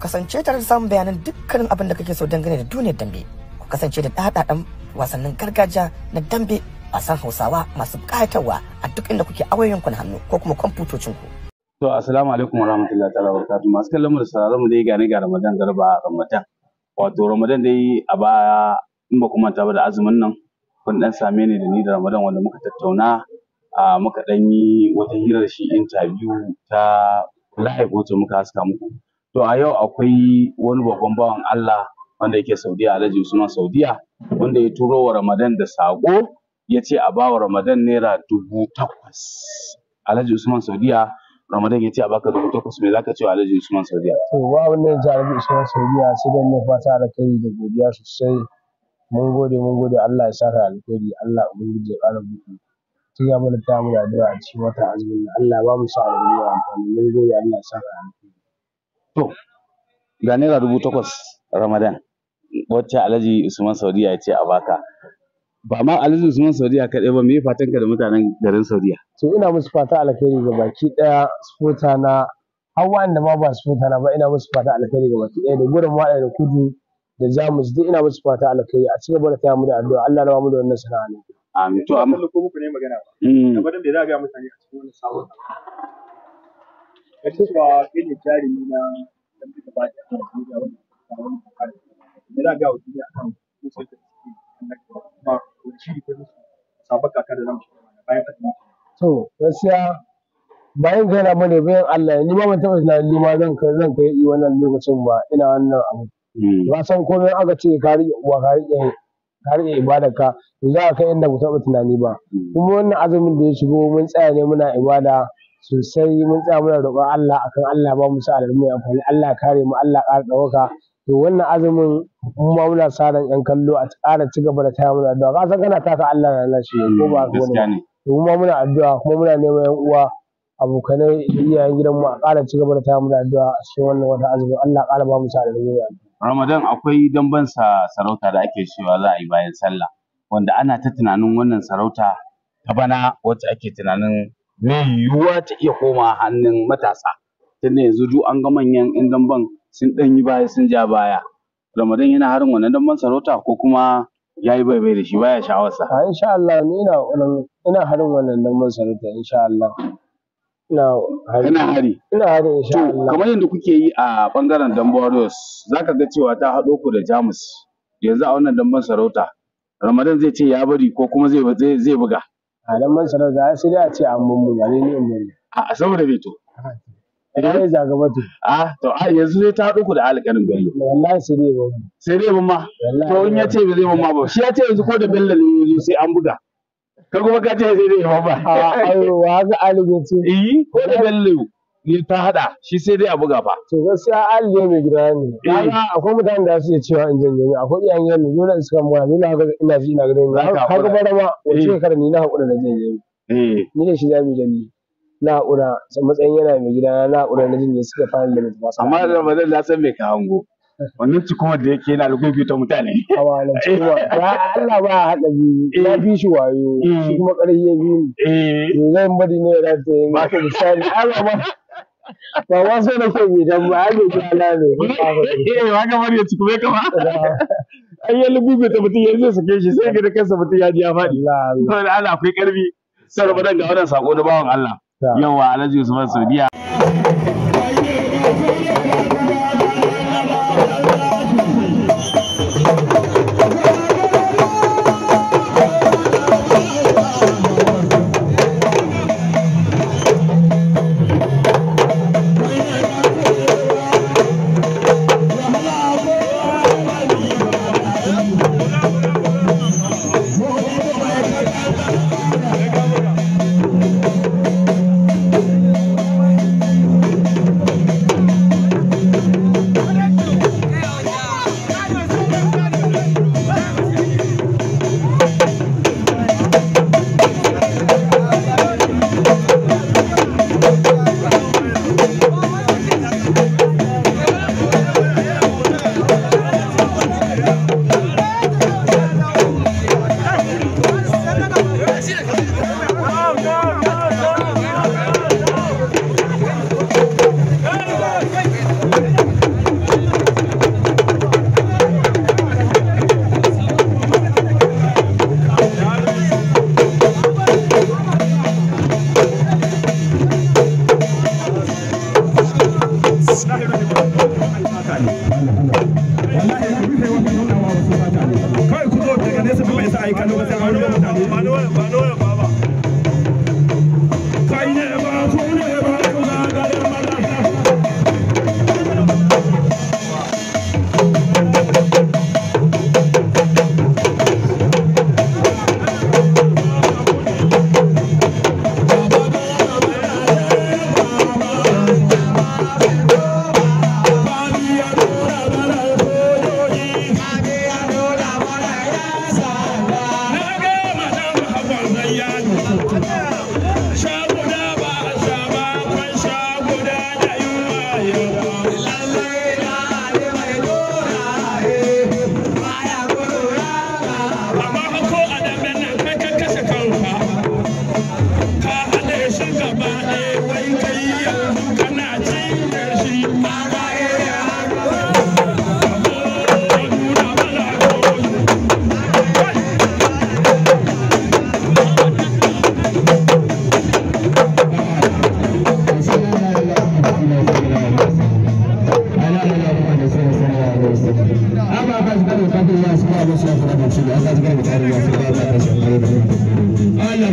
kasance tare da samun bayanan dukkanin abin da kake so dangane da duniyar dambe ku kasance da ɗaɗaɗan wasannin gargajiya na dambe a san hausawa masu ƙayatarwa a duk inda kuke awayoyinku na hannu ko kuma kwamfutocinku. to assalamu alaikum wa rahmatullahi ta'ala wa masu kallon mu da sauraron mu dai gane ga ramadan garba ramadan wato ramadan dai a baya in ba kuma ta ba da azumin nan kun dan same ni da ni da ramadan wanda muka tattauna a muka dan yi wata hirar shi interview ta live wato muka haska muku To a yau akwai wani babban bawan Allah wanda yake Saudiya Alhaji Usman Saudiya wanda ya turo wa Ramadan da sako, ya ce a wa Ramadan naira dubu takwas. Alhaji Usman Saudiya Ramadan ya ce a baka dubu takwas me zaka ce wa Alhaji Usman Saudiya? To ba wannan ya Alhaji Usman Saudiya sai dan ne fata da kai da godiya sosai. Mun gode mun gode Allah ya saka alheri Allah ubangiji ya ƙara buɗe. Tun ya mana ta mu da addu'a a cikin wata azumin Allah ba mu sa alheri amfani mun gode Allah ya saka alheri. To, ga naira dubu takwas Ramadan wacce Alhaji Usman Saudiya ya ce a baka. Ba ma Alhaji Usman Saudiya kaɗai ba, me yi fatanka da mutanen garin Saudiya? To, ina musu fata alkhairi ga baki ɗaya sufota na hawa da ma ba sufota na ba ina musu fata alkhairi ga baki ɗaya da gudun ma da kudu da jamus duk ina musu fata alkhairi a cikin gaba da taya mu da addu'a Allah ba mu da wannan sana'a ne. Amin. To, amma ko muku ne magana ba. Gabatar mm. da za a ga mutane a cikin wannan sabon. ga cewa za su bayan ka to gaskiya bayan kai na bane bayan Allah ni ma ban taɓa tunanin ni ma zan kai zan kai yi wannan lokacin ba ina wannan abu hmm. ba san komai aka ce ka riƙe uwa ka riƙe ka riƙe ka za ka kai inda ba taɓa tunani ba hmm. kuma wannan azumin da ya shigo mun tsaya ne muna ibada sosai mun tsaya muna roƙon Allah akan Allah ba mu sa alamu mai amfani Allah kare mu Allah ƙara ɗaukaka to wannan azumin mu ma muna sa ran ƴan kallo a ƙara ci gaba da taya muna addu'a ka san kana taka Allah na shi ko ba ka wani to mu ma muna addu'a kuma muna neman ƴan uwa abokanai iyayen gidanmu a ƙara ci gaba da taya muna addu'a a cikin wannan wata azumin Allah ƙara ba mu sa alamu mai Ramadan akwai damban sa sarauta da ake cewa za a yi bayan sallah wanda ana ta tunanin wannan sarauta ta bana wacce ake tunanin mai yiwuwa ta iya koma hannun matasa da yanzu duk an ga manyan yan damban sun dan yi baya sun ja baya ramadan yana harin wannan damban sarauta ko kuma ya yi bai da shi baya sha'awarsa a insha Allah ni ina ina harin wannan damban sarauta insha Allah ina hari ina hari ina hari insha Allah to kamar yadda kuke yi a bangaren damban za zaka ga cewa ta hado ku da jamus yanzu a wannan damban sarauta ramadan zai ce ya bari ko kuma zai zai buga a dan man sarauta sai dai a ce an mun mun ne in mun a saboda bai to idan eh, ya zaga mutu a to a yanzu zai ta haɗu ku da alƙarin bello wallahi sai dai mun sai dai mun ma to in ya ce bai zai mun ma ba shi ya ce yanzu ko da bello ne yanzu sai an buga ka kuma ka ce sai dai mun ba. a ayo wa ga alƙarin eh ko da bello ni ta hada shi sai dai a buga fa to gaskiya ne mai gida ne eh. akwai mutanen da suke cewa in janye ne akwai iyayen yanni dole in suka mura ni na ina ji ina ganin ka kaga bara ma wace eh. shekara ni na haƙura da janye ne eh. ni da shi za mu janye na hakura matsayin yana mai gida na haƙura na janye suka fara da mutum amma da ba zan san mai ka hango wannan ci kuma da yake yana lugubi ta mutane a wannan ci kuma ba Allah ba hada bi ya bi shi wayo shi kuma ƙarfi ya bi ni eh zan bari ne da ba ka misali Allah ba ba ma so na ke gidan ba ai ki ala ne eh wa ga mariya ci kuma kama ai ya lubu ta mutum ya zai sake shi sai ga da kansa mutum ya ji ya faɗi saboda Allah akwai karbi sai rubutan ga wannan sako na bawan Allah yawa Alhaji Usman Saudiya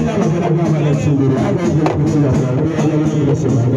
Allah magana ba ma da shi ne ba ga shi da shi da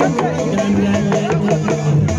Thank you.